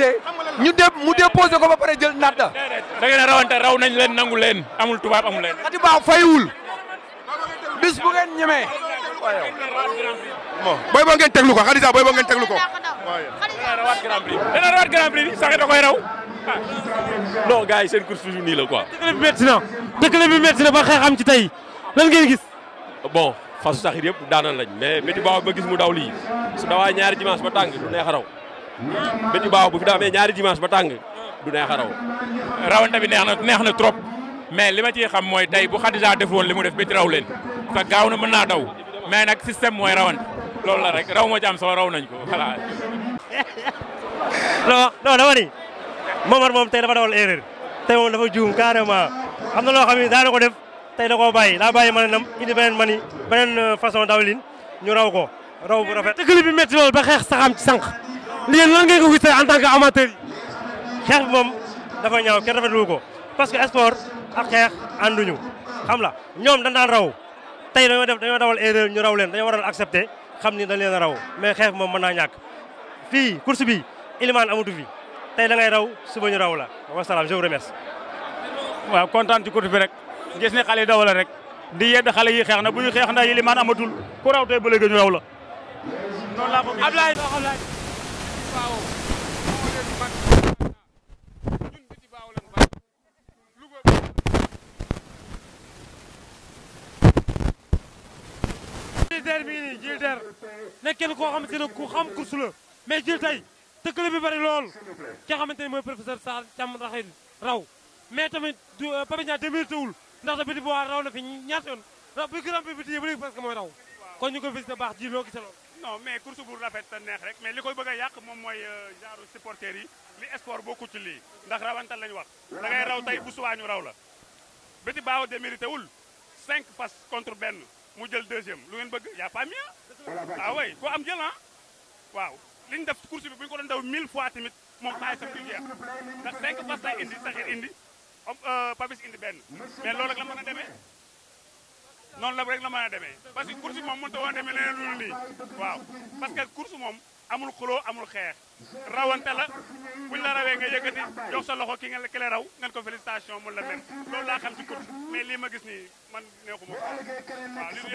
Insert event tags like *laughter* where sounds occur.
déposé ñu dé mu déposé ko ba pare jël nadda da ngeen rawante raw nañ leen nangu leen amul tubaab amul leen xati baaw faywul bis bu ngeen ñemee booy boo ngeen teglu ko xadisa booy boo ngeen teglu ko dana rawaat grand prix dana rawaat grand prix sax da koy raw non gars yi seen course toujours nii la quoi dëkkale bi métti na dëkkale bi métti na ba xeex ci tey lan ngeen gis bon fasu saxir yëpp daanan lañ mais métti baaw ba gis mu daw lii su dawaa ñaari dimanche ba tàng du neex a benn baaw bu fi daa amee ñaari dimanche ba tàng du neex a raw. rawante bi neex na neex na trop mais li ma ciy xam mooy tey bu Xadija def woon li mu def biti raw leen parce gaaw na man naa daw mais nag système mooy rawante lool la rek raw moo ci am solo raw nañ ko voilà. *laughs* non non dama ni Momar moom tey dafa dawal erreur tey moom dafa juum carrément am na loo xam ne daana ko def tey da koo bàyyi daa bàyyi man nam indi beneen mani beneen euh, façon dawlin ñu raw ko raw bu yéen lan ngeen ko gisee en tant que amateur yi. xeex bi moom dafa ñaaw kenn rafetlu ko parce que sport ak xeex ñu xam la ñoom dañ daan raw tey dañoo def dañoo dawal ñu rawleen leen dañoo waroon accepter xam ni dañ leen a raw mais xeex moom mën naa ñàkk. fii course bi ilimaan amatu fi tey da ngay raw suba ñu raw la wasalaam je vous waaw kontaan ci course bi rek gis ne xale yi dawal rek di yedd xale yi xeex na bu ñu xeex ndax ilimaan amatul ku raw tey ba léegi ñu raw la. baaw moo leen mag ñun biti baaw lan baax Louga Jilder bii nii Jilder nekkeen koo xamante xam course la mais jil tey bi bari lool ki nga xamante ne mooy professeur Sarr Thiam Rahin raw mais tamit Pape Ndiaye démérité ndax da biti bu waa raw na fi ñaata yoon raw bi grand bi biti yi ba léegi parce mooy raw kon ñu ko visité baax ji loo gisee loolu non mais course bu rafet te neex rek mais li koy bëgg a yàq moom mooy euh, genre supporters yi li sport bokku ci lii ndax rawantal lañu wax da ngay raw tey bu suwaañu raw la Béti Baaw démérité cinq pass contre benn mu jël deuxième lu ngeen bëgg y' a pas mieux ah ko am jël waaw li ñu def course bi bu ñu ko doon daw mille fois tamit moom xaalisam du jeex ndax cinq pass lay indi saxir indi euh, papis indi benn mais loolu ak la mën a demee noonu la rek la mën a demee parce que course moom mënut a woon demee leneen lu nii waaw parce que course moom amul xuloo amul xeex rawante la buñ la rawee nga yëkkati jox sa loxo ki nga ki la raw ngeen ko félicitation mun la dem loolu laa xam ci course mais lii ma gis nii man neexuma waaw